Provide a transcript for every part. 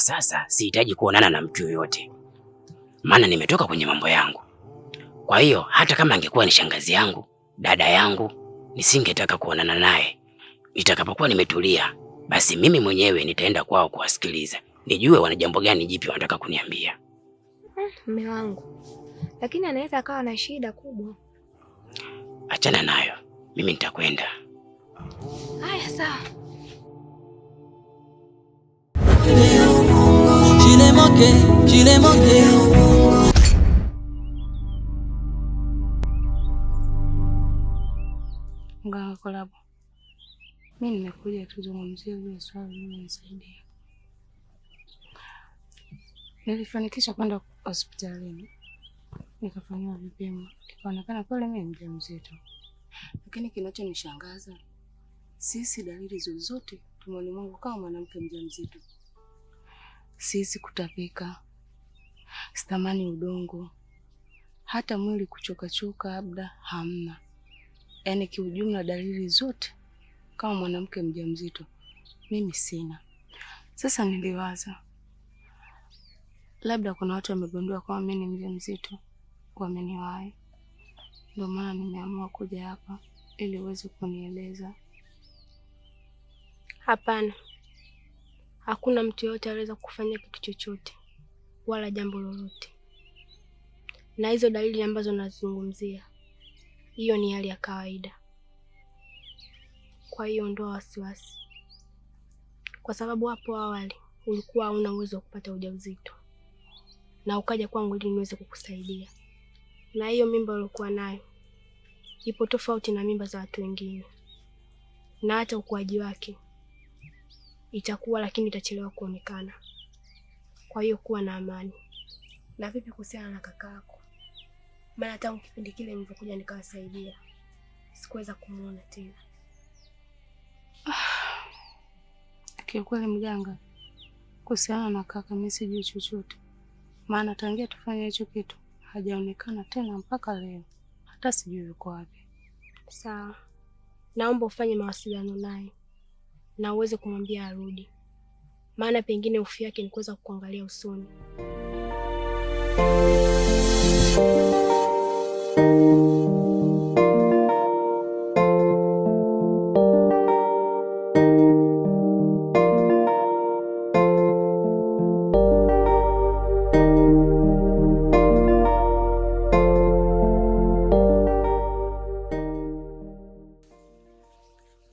sasa sihitaji kuonana na mtu yoyote, maana nimetoka kwenye mambo yangu. Kwa hiyo hata kama angekuwa ni shangazi yangu, dada yangu, nisingetaka kuonana naye. Nitakapokuwa nimetulia, basi mimi mwenyewe nitaenda kwao kuwasikiliza, nijue wana jambo gani jipya wanataka kuniambia. Ah, mume hmm, wangu lakini anaweza akawa na shida kubwa. Achana nayo, mimi nitakwenda. Haya, sawa. manqué, tu l'ai manqué. Mganga Kolabo, mi nimekuja tuzungumzie vile swali limenisaidia. Nilifanikisha kwenda hospitalini nikafanyiwa vipimo, ikaonekana kweli mi ni mjamzito, lakini kinachonishangaza sisi dalili zozote tumeoni mwangu kama mwanamke mjamzito mzito Siwezi kutapika, sitamani udongo, hata mwili kuchokachoka labda hamna. Yaani kiujumla dalili zote kama mwanamke mjamzito mimi sina. Sasa niliwaza labda kuna watu wamegundua kwamba mimi ni mjamzito, wameniwahi, ndio maana nimeamua kuja hapa ili uweze kunieleza. Hapana, hakuna mtu yoyote aliweza kufanya kitu chochote wala jambo lolote, na hizo dalili ambazo nazungumzia, hiyo ni hali ya kawaida. Kwa hiyo ondoa wasiwasi, kwa sababu hapo awali ulikuwa hauna uwezo wa kupata ujauzito na ukaja kwangu ili niweze kukusaidia, na hiyo mimba uliokuwa nayo ipo tofauti na mimba za watu wengine na hata ukuaji wake itakuwa, lakini itachelewa kuonekana. Kwa hiyo kuwa na amani. Na vipi kuhusiana na kakaako? Maana tangu kipindi kile nilivyokuja nikawasaidia sikuweza kumwona tena. Ah, kiukweli mganga, kuhusiana na kaka mimi sijui chochote, maana tangia tufanye hicho kitu hajaonekana tena mpaka leo, hata sijui yuko wapi. Sawa, naomba ufanye mawasiliano naye na uweze kumwambia arudi, maana pengine hofu yake ni kuweza kukuangalia usoni.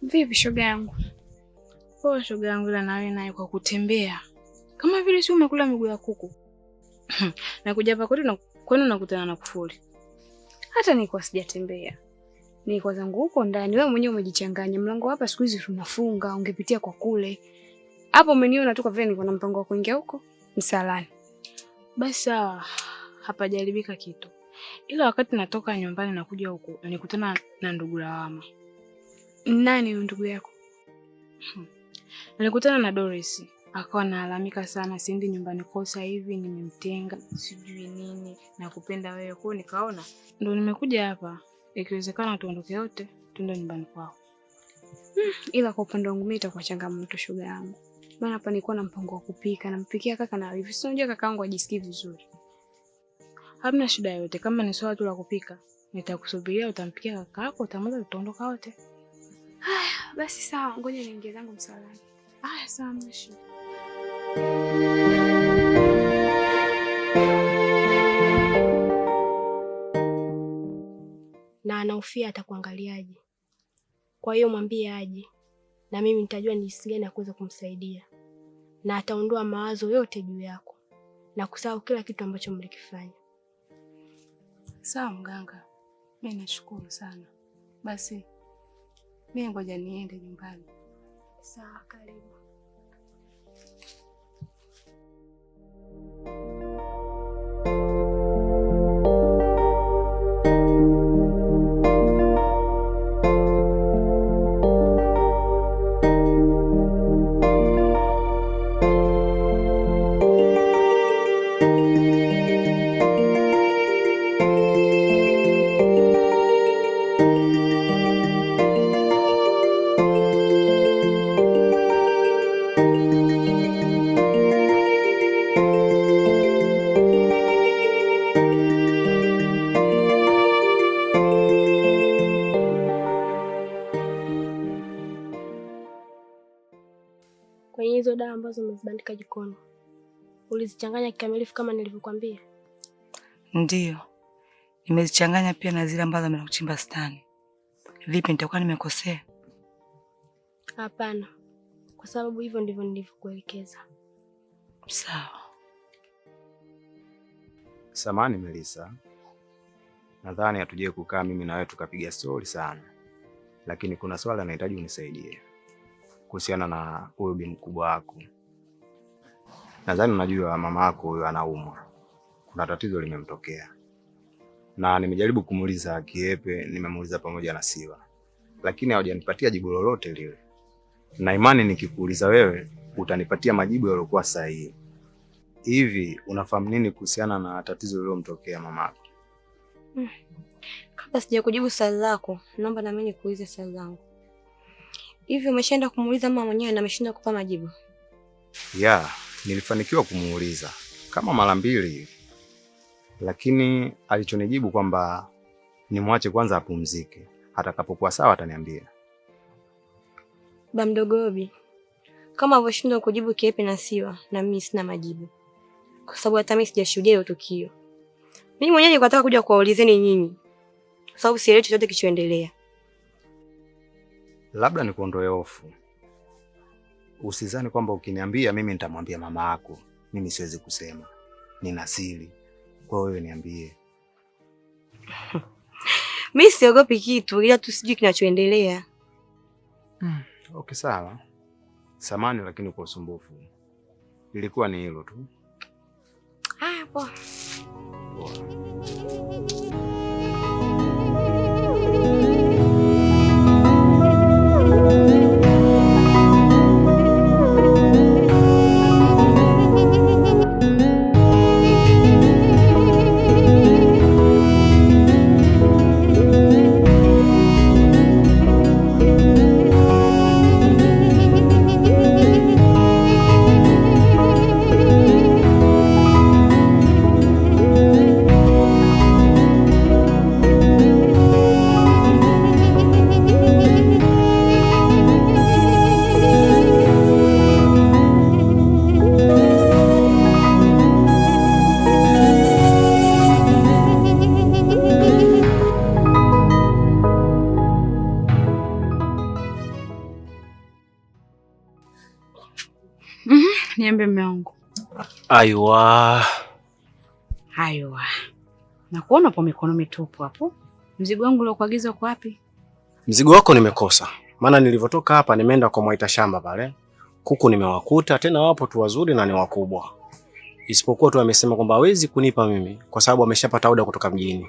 Vipi shoga yangu? Poa shoga yangu, ila nawe naye kwa kutembea kama vile si umekula miguu ya kuku na kuja hapa kwetu na kwenu nakutana na kufuli. Hata nilikuwa sijatembea, nilikuwa zangu huko ndani. Wewe mwenyewe umejichanganya, mlango hapa siku hizi tunafunga, ungepitia kwa kule. Hapo umeniona tu kwa vile nilikuwa na mpango wa kuingia huko msalani. Basi sawa, hapajaribika kitu, ila wakati natoka nyumbani nakuja huko nikutana na ndugu Lawama. Nani ndugu yako? Hmm. Nilikutana na Doris akawa nalalamika sana, siendi nyumbani kwao sasa hivi, nimemtenga sijui nini, nakupenda wewe. Kwao nikaona ndo nimekuja hapa, ikiwezekana tuondoke yote tuende nyumbani kwao. Hmm, ila kwa upande wangu mimi itakuwa changamoto, shoga yangu, maana hapa nilikuwa na mpango wa kupika, nampikia kaka na hivi, si unajua kakaangu ajisikii vizuri. Hamna shida yote. kama ni swala tu la kupika nitakusubiria, utampikia kaka yako, utamaliza, tutaondoka wote. Haya basi, sawa, ngoja niingie zangu msalani. Aya, sawa, hamna shida. Na anaufia atakuangaliaje? Kwa hiyo mwambie aje, na mimi nitajua ni jinsi gani ya kuweza kumsaidia, na ataondoa mawazo yote juu yako na kusahau kila kitu ambacho mlikifanya. Sawa mganga, mi nashukuru sana. Basi mi ngoja niende nyumbani. Sawa, karibu. katika jikoni. Ulizichanganya kikamilifu kama nilivyokuambia? Ndiyo, nimezichanganya pia na zile ambazo amekuchimba stani. Vipi, nitakuwa nimekosea? Hapana, kwa sababu hivyo ndivyo nilivyokuelekeza. Sawa. Samani Melisa, nadhani hatujai kukaa mimi na wewe tukapiga stori sana, lakini kuna swala nahitaji unisaidie kuhusiana na huyo bi mkubwa wako. Nadhani unajua mama yako huyo anaumwa, kuna tatizo limemtokea, na nimejaribu kumuuliza Kiepe, nimemuuliza pamoja na Siwa, lakini hawajanipatia jibu lolote lile, na imani nikikuuliza wewe utanipatia majibu yaliokuwa sahihi. Hivi unafahamu nini kuhusiana na tatizo lililomtokea mama yako? Hmm. Kabla sija kujibu swali lako, naomba na mimi nikuulize swali langu. Hivi umeshaenda kumuuliza mama mwenyewe na ameshindwa kupa majibu? Yeah. Nilifanikiwa kumuuliza kama mara mbili hivi, lakini alichonijibu kwamba nimwache kwanza apumzike, atakapokuwa sawa ataniambia. Ba Mdogobi, kama avyoshindwa kujibu Kiepe na Siwa, na mimi sina majibu, kwa sababu hata mimi sijashuhudia hiyo tukio. Mimi mwenyewe nilikuwa nataka kuja kuwaulizeni nyinyi, kwa sababu sielewi chochote kichoendelea. Labda nikuondoe hofu Usizani kwamba ukiniambia mimi nitamwambia mama yako. Mimi siwezi kusema, nina siri. Kwa hiyo niambie. Mimi siogopi kitu, ila tu sijui kinachoendelea. Hmm. Okay, sawa. Samani lakini kwa usumbufu. Ilikuwa ni hilo tu. Ah, poa. Poa. Aiwa, aiwa, nakuona po mikono mitupu hapo. Mzigo wangu uliokuagiza uko wapi? Mzigo wako nimekosa, maana nilivyotoka hapa nimeenda kwa Mwaita shamba pale, kuku nimewakuta tena, wapo tu wazuri na ni wakubwa, isipokuwa tu amesema kwamba hawezi kunipa mimi kwa sababu ameshapata oda kutoka mjini,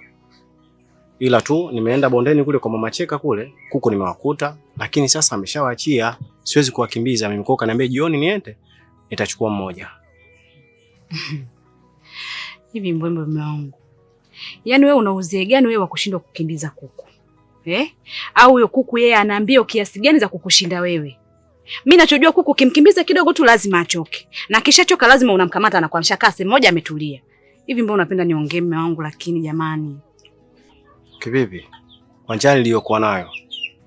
ila tu nimeenda bondeni kule kwa mama Cheka kule, kuku nimewakuta, lakini sasa ameshawaachia, siwezi kuwakimbiza mimi. Kwa kaniambia jioni niende, nitachukua mmoja Hivi mbwembe, mume wangu, yaani wewe una uzee gani wewe wa kushindwa kukimbiza kuku eh? Au huyo kuku yeye anaambia kiasi gani za kukushinda wewe? Mi nachojua kuku kimkimbiza kidogo tu lazima achoke, na kishachoka lazima unamkamata na kuamsha kasi mmoja ametulia. Hivi mbona unapenda niongee mume wangu? Lakini jamani, kibibi, wanjani niliyokuwa nayo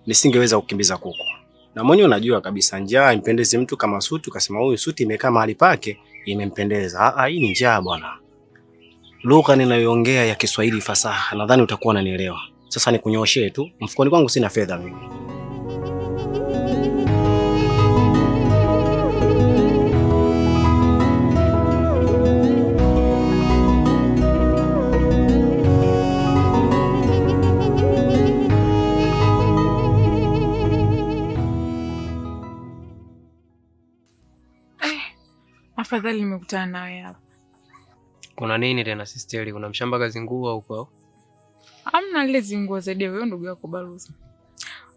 nisingeweza kukimbiza kuku na mwenye unajua kabisa njaa impendezi mtu kama suti. Ukasema huyu suti imekaa mahali pake imempendeza. Ah, ah, hii ni njaa bwana. Lugha ninayoongea ya Kiswahili fasaha, nadhani utakuwa unanielewa. Sasa nikunyoshee tu, mfukoni kwangu sina fedha mimi. Afadhali nimekutana nawe hapa. Kuna nini tena sisteri? Kuna mshamba kazi zinguo au kwao? Hamna lile zinguo zaidi ya huyo ndugu yako Baruza.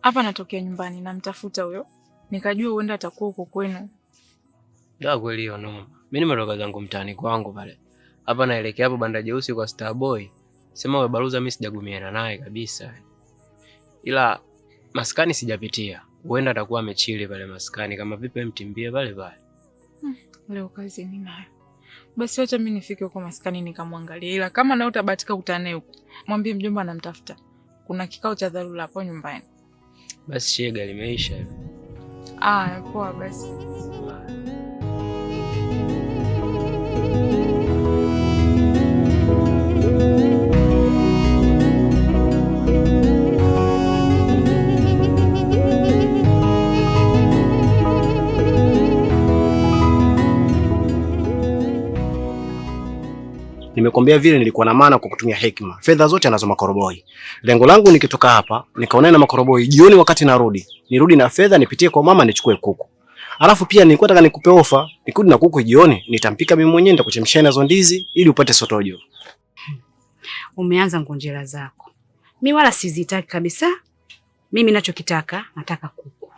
Hapa natokea nyumbani namtafuta huyo. Nikajua huenda atakuwa huko kwenu. Da kweli hiyo noma. Mimi nimetoka zangu mtaani kwangu pale. Hapa naelekea hapo banda jeusi kwa Starboy. Sema wewe Baruza mimi sijagumiana naye kabisa. Ila maskani sijapitia. Huenda atakuwa amechili pale maskani kama vipi mtimbie pale pale. Leo kazi ninayo. Basi wacha mimi nifike huko maskani nikamwangalia, ila kama naye utabahatika kutane huko, mwambie mjomba anamtafuta, kuna kikao cha dharura hapo nyumbani. Basi shega limeisha hivi. Ah, poa basi. Nimekwambia vile nilikuwa na maana kwa kutumia hekima. Fedha zote anazo makoroboi. Lengo langu nikitoka hapa, nikaonana na makoroboi jioni wakati narudi. Nirudi na fedha nipitie kwa mama nichukue kuku. Alafu pia nilikuwa nataka nikupe ofa, nikudi na kuku jioni, nitampika mimi mwenyewe nitakuchemshia nazo ndizi ili upate sotojo. Umeanza ngonjera zako. Mi wala sizitaki kabisa. Mimi ninachokitaka nataka kuku.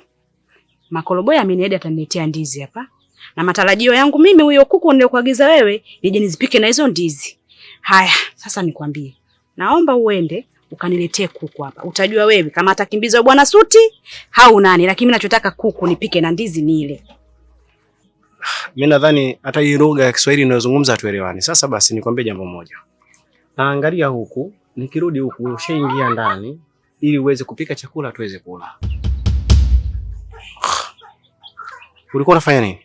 Makoroboi ameniahidi ataniletea ndizi hapa na matarajio yangu mimi huyo kuku niliokuagiza wewe nije nizipike na hizo ndizi. Haya, sasa nikwambie, naomba uende ukaniletee kuku hapa. Utajua wewe kama atakimbizwa bwana Suti au nani, lakini ninachotaka kuku nipike na ndizi nile. Mimi nadhani hata hii lugha ya Kiswahili inayozungumza hatuelewani. Sasa basi nikwambie jambo moja, naangalia huku, nikirudi huku ushaingia ndani, ili uweze kupika chakula tuweze kula. Ulikuwa unafanya nini?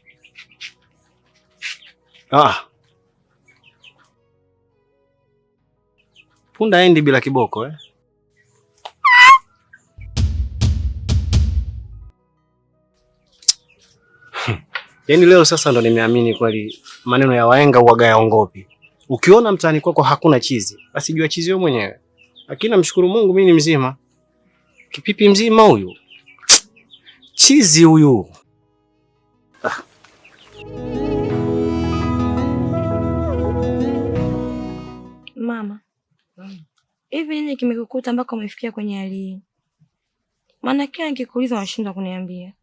Ah. Punda endi bila kiboko eh? Hmm. Yaani leo sasa ndo nimeamini kweli maneno ya waenga uwaga yaongopi. Ukiona mtaani kwako hakuna chizi, basi jua chizi wewe mwenyewe. Lakini namshukuru Mungu mimi ni mzima. Kipipi mzima huyu. Chizi huyu. Ah. Hivi nini kimekukuta mpaka umefikia kwenye hali hii? Maana kila nikikuuliza unashindwa kuniambia.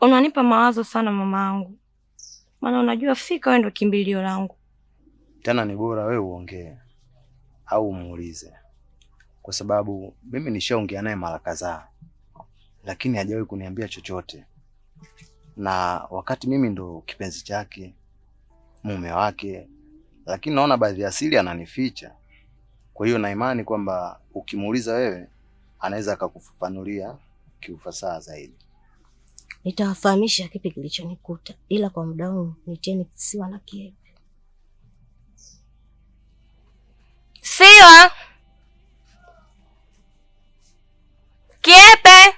Unanipa mawazo sana mamaangu, maana unajua fika wewe ndo kimbilio langu. Tena ni bora wewe uongee au umuulize, kwa sababu mimi nishaongea naye mara kadhaa, lakini hajawahi kuniambia chochote, na wakati mimi ndo kipenzi chake, mume wake, lakini naona baadhi ya siri ananificha. Kwa hiyo na imani kwamba ukimuuliza wewe anaweza akakufafanulia kiufasaha zaidi. Nitawafahamisha kipi kilichonikuta, ila kwa muda huu niteni kisiwa na kiepe Siwa kiepe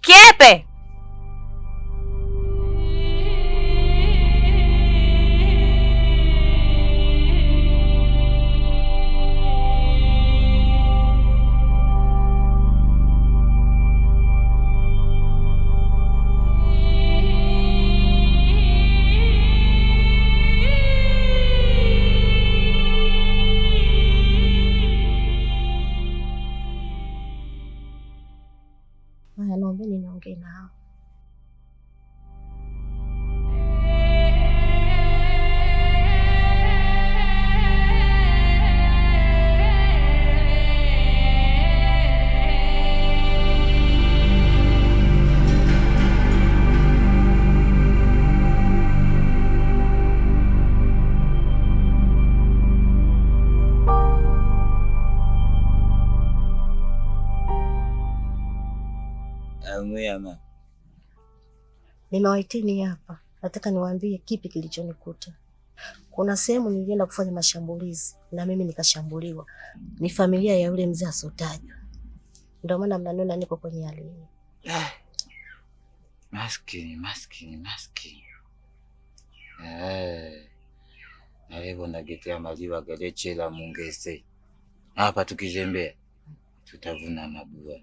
kiepe Samia, nimewaiteni hapa, nataka niwaambie kipi kilichonikuta. Kuna sehemu nilienda kufanya mashambulizi na mimi nikashambuliwa, ni familia ya yule mzee asotajwa, ndio maana mnaniona niko kwenye hali hii. Eh. maskini maskini maskini eh, nalivondagetea maziwa gerechela mungese hapa, tukizembea tutavuna mabua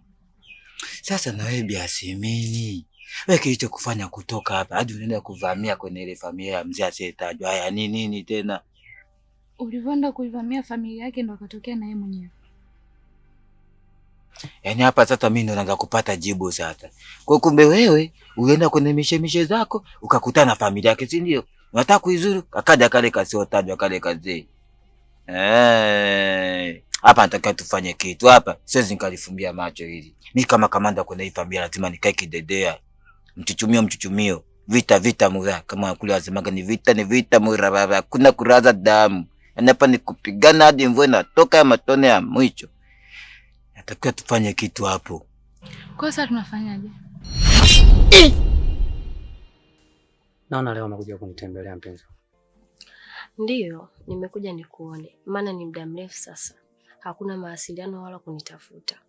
sasa na wewe biasimini, wewe kilicho kufanya kutoka hapa hadi unaenda kuvamia kwenye ile familia ya mzee asiyetajwa, haya ni nini tena? Ulivyoenda kuivamia familia yake ndo akatokea na yeye mwenyewe. Yaani hapa sasa mimi ndo naanza kupata jibu sasa. Kwa kumbe wewe ulienda kwenye mishemishe zako ukakutana na familia yake, si ndio? Unataka kuizuru, akaja kale kasiotajwa kale kazee. Eh. Hey hapa nataka tufanye kitu hapa, siwezi nikalifumbia macho hili. Mi kama kamanda kwenda hii familia lazima nikae kidedea, mchuchumio mchuchumio, vita vita mura, kama kule wasemaga ni vita ni vita mura baba, hakuna kuraza damu, anapa yaani ni kupigana hadi mvua inatoka ya matone ya mwicho. Natakiwa tufanye kitu hapo. Kwa sasa tunafanyaje? Eh! Naona leo umekuja kunitembelea mpenzi. Ndiyo, nimekuja nikuone, maana ni muda mrefu sasa hakuna mawasiliano wala kunitafuta.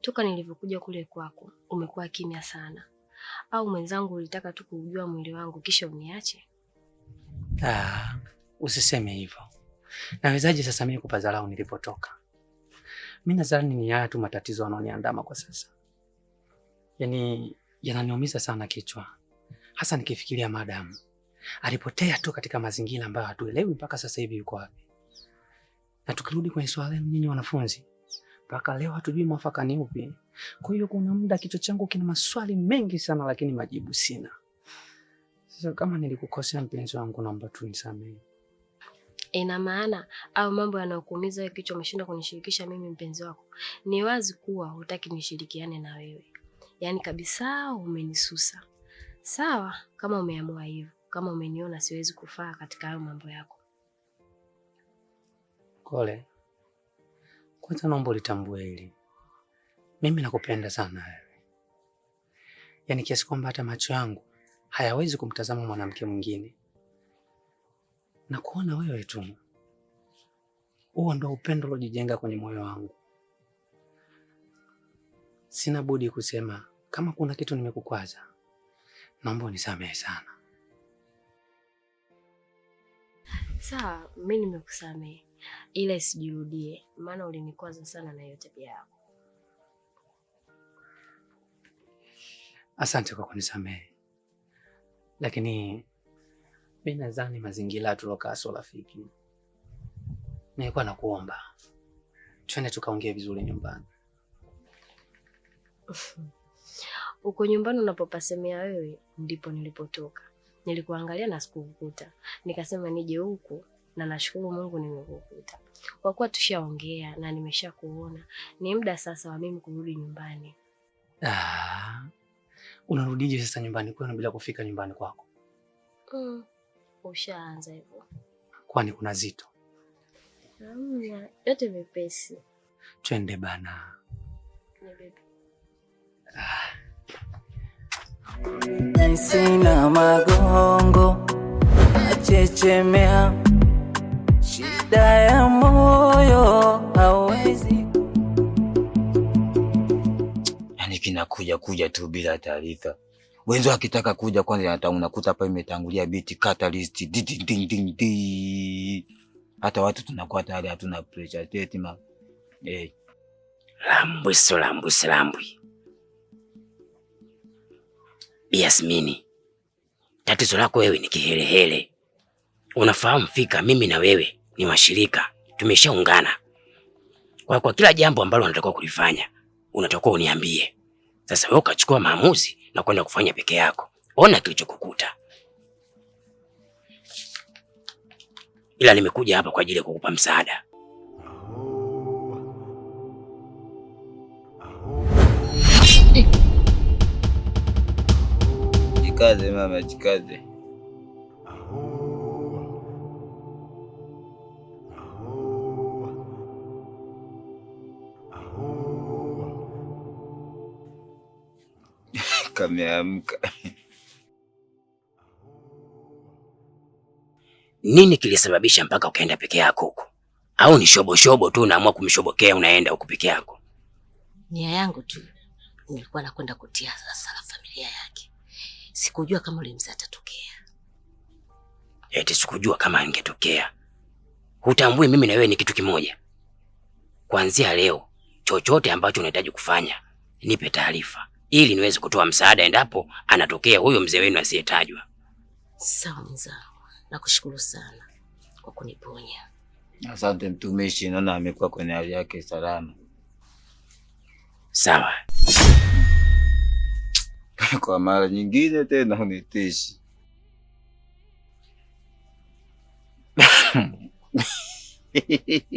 Toka nilivyokuja kule kwako umekuwa kimya sana, au mwenzangu ulitaka tu kujua mwili wangu kisha uniache? Ah, usiseme hivyo. Nawezaje sasa mimi kupadharau nilipotoka? Mimi nadhani ni haya tu matatizo yanayoniandama kwa sasa, yaani yananiumiza sana kichwa, hasa nikifikiria madamu alipotea tu katika mazingira ambayo hatuelewi mpaka sasa hivi yuko wapi. Na tukirudi kwenye swala lenu nyinyi wanafunzi, mpaka leo hatujui mwafaka ni upi. Kwa hiyo kuna muda kichwa changu kina maswali mengi sana, lakini majibu sina. Sasa kama nilikukosea mpenzi wangu, naomba tunisamehe. Ina maana au mambo yanayokuumiza wewe kichwa umeshindwa kunishirikisha mimi mpenzi wako? Ni wazi kuwa hutaki nishirikiane na wewe, yaani kabisa umenisusa. Sawa, kama umeamua hivyo, kama umeniona siwezi kufaa katika hayo mambo yako, Kole, kwanza naomba ulitambue hili, mimi nakupenda sana wewe, yaani kiasi kwamba hata macho yangu hayawezi kumtazama mwanamke mwingine na kuona wewe tu. Huo ndo upendo uliojijenga kwenye moyo wangu. Sina budi kusema kama kuna kitu nimekukwaza, naomba unisamehe sana. Sawa, mimi nimekusamehe ila isijirudie, maana ulinikwaza sana na hiyo tabia yako. Asante kwa kunisamehe, lakini mi nadhani mazingira tulokaa sio rafiki. Nilikuwa nakuomba twende tukaongea vizuri nyumbani. Uko nyumbani unapopasemea wewe ndipo nilipotoka, nilikuangalia na sikukukuta, nikasema nije huku na nashukuru Mungu nimekukuta. Kwa kuwa tushaongea na nimeshakuona, ni muda sasa wa mimi kurudi nyumbani. Ah, unarudije sasa nyumbani kwenu bila kufika nyumbani kwako? Mm, ushaanza hivyo. Kwani kuna zito? Hamna, yote mepesi. Twende bana. Ah. Sina magongo, achechemea shida ya moyo hawezi, yani kinakuja kuja tu bila taarifa. Wenzo akitaka kuja kwanza, unakuta hapa imetangulia biti catalyst di di di di. hata watu tunakuwa tayari hatuna pressure tete ma eh, lambu so lambu so lambu Yasmini, tatizo lako wewe ni kihelehele unafahamu fika, mimi na wewe ni washirika, tumeshaungana kwa, kwa kila jambo ambalo unatakiwa kulifanya unatakiwa uniambie. Sasa wewe ukachukua maamuzi na kwenda kufanya peke yako, ona kilichokukuta. Ila nimekuja hapa kwa ajili ya kukupa msaada. Jikaze mama, jikaze. kameamka. Nini kilisababisha mpaka ukaenda peke yako huko? Au ni shoboshobo tu unaamua kumshobokea unaenda huko peke yako? Nia yangu tu nilikuwa nakwenda kutia sala familia yake. Sikujua kama ulimza atatokea. Eti sikujua kama angetokea. Hutambui mimi na wewe ni kitu kimoja. Kuanzia leo chochote ambacho unahitaji kufanya nipe taarifa, ili niweze kutoa msaada endapo anatokea huyo mzee wenu asiyetajwa. Sawa mzao, nakushukuru sana kwa kuniponya. Asante mtumishi, naona amekuwa kwenye hali yake salama. Sawa. Kwa mara nyingine tena unitishi.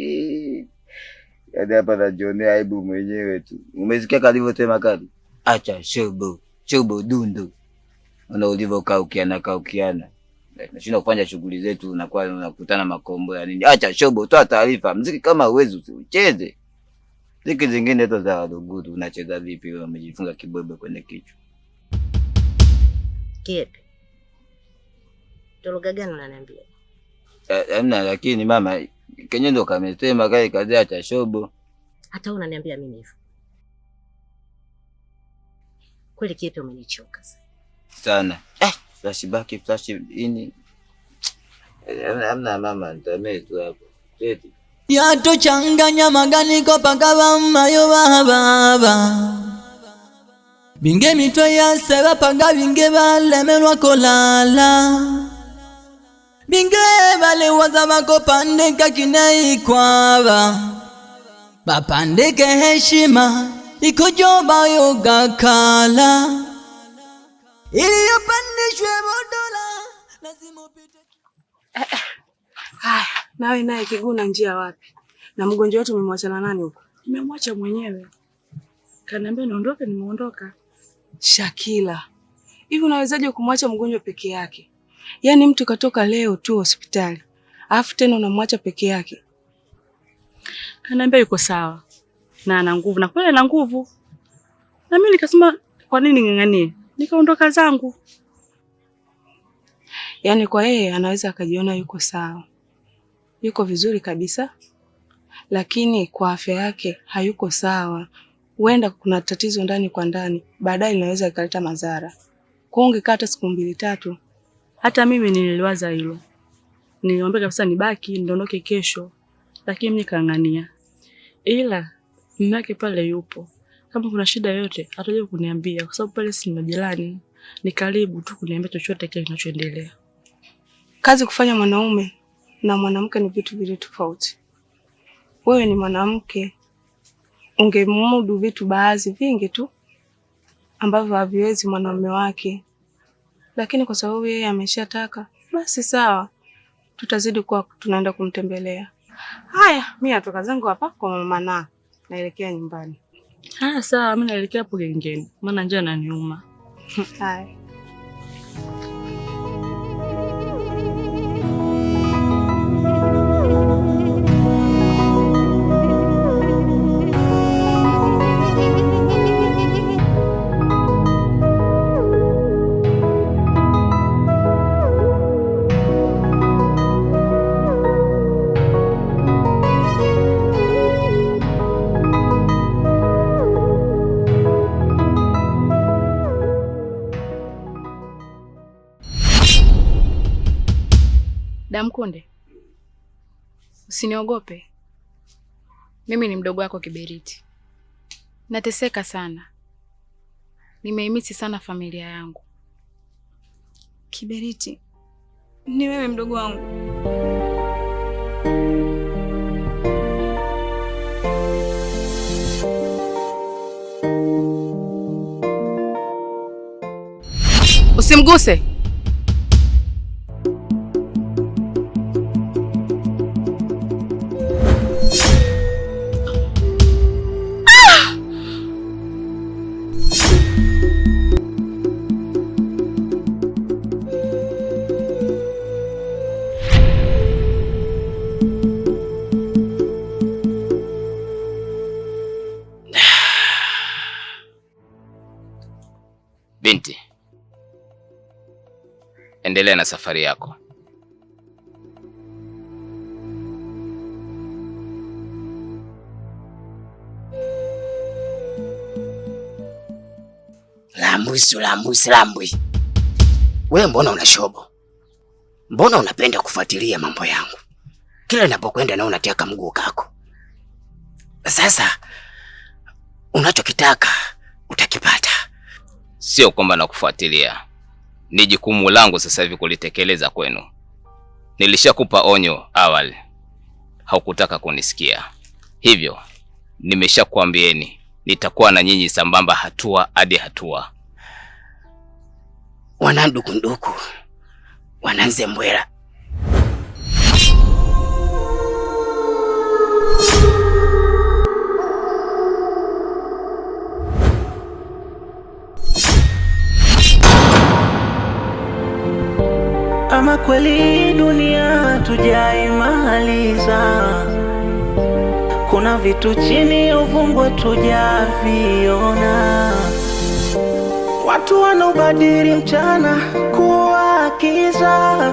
Yaani hapa najionea aibu mwenyewe tu. Umesikia kalivyo tema kali? acha shubu shubu dundu. Ona ulivyokaukiana kaukiana, eh, nashinda kufanya shughuli zetu, unakuwa unakutana makombo ya nini? Acha shubu, toa taarifa. Mziki kama uwezi usiucheze, ziki zingine hizo za Waluguru unacheza vipi? Umejifunga kibwebwe kwenye kichwa kipi? Toroga gani unaniambia? Eh, Amna, lakini mama kenye ndo kamesema kai kazi acha shubu. Hata unaniambia mimi hivyo Kweli kipi umenichoka sana. Eh, flashback flash ini. amna mama ndame tu hapo. Kweli. Yato changanya maganiko pagaba mayo baba. Binge mitwe ya seba paga binge balemelwa kolala. Binge bale wazaba kopandeka kinai kwaba. Bapandeke heshima ikujobayo gakala iliyopandishwe modola lazima upite. Haya, nawe naye Kiguna, njia wapi? Na mgonjwa wetu na nani huko? Nimemwacha mwenyewe, kaniambia niondoke, nimeondoka. Shakila, hivi unawezaje kumwacha mgonjwa peke yake? Yaani mtu katoka leo tu hospitali, alafu tena unamwacha peke yake? Kaniambia yuko sawa na ana nguvu na kweli ana nguvu, na mimi nikasema kwa nini ning'ang'anie, nikaondoka zangu. Yaani kwa yeye anaweza akajiona yuko sawa, yuko vizuri kabisa, lakini kwa afya yake hayuko sawa. Huenda kuna tatizo ndani kwa ndani, baadaye linaweza ikaleta madhara. Kwa ungekaa hata siku mbili tatu. Hata mimi nililiwaza hilo, nilimwambia kabisa nibaki niondoke kesho, lakini mimi kang'ania ila mume wake pale yupo, kama kuna shida yoyote atakuja kuniambia, kwa sababu pale si majirani, ni karibu tu kuniambia chochote kile kinachoendelea. Kazi kufanya mwanaume na mwanamke ni vitu vile tofauti. Wewe ni mwanamke, ungemudu vitu baadhi vingi tu ambavyo haviwezi mwanaume wake, lakini kwa sababu yeye ameshataka, basi sawa, tutazidi kuwa tunaenda kumtembelea. Haya, mimi natoka zangu hapa kwa mama naa naelekea nyumbani. Ah, sawa, mimi naelekea hapo gengeni, maana njaa inaniuma. Haya. Kunde, usiniogope. Mimi ni mdogo wako Kiberiti. Nateseka sana, nimeimisi sana familia yangu. Kiberiti, ni wewe mdogo wangu? Usimguse. endelea na safari yako. Lambusu, lambusu, lambwi, wewe mbona una shobo? Mbona unapenda kufuatilia mambo yangu? Kila ninapokwenda na unatiaka mguu kako. Sasa unachokitaka utakipata, sio kwamba nakufuatilia ni jukumu langu sasa hivi kulitekeleza kwenu. Nilishakupa onyo awali, haukutaka kunisikia, hivyo nimeshakwambieni nitakuwa na nyinyi sambamba, hatua hadi hatua. Wanandukunduku, wananzembwela Ama kweli dunia tujaimaliza, kuna vitu chini ya tujaviona. Watu wanaobadili mchana kuwa kiza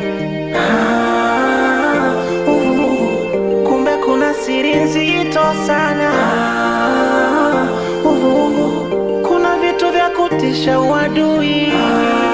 kumbe kuna siri nzito sana ah, uh, kuna vitu vya kutisha uadui ah,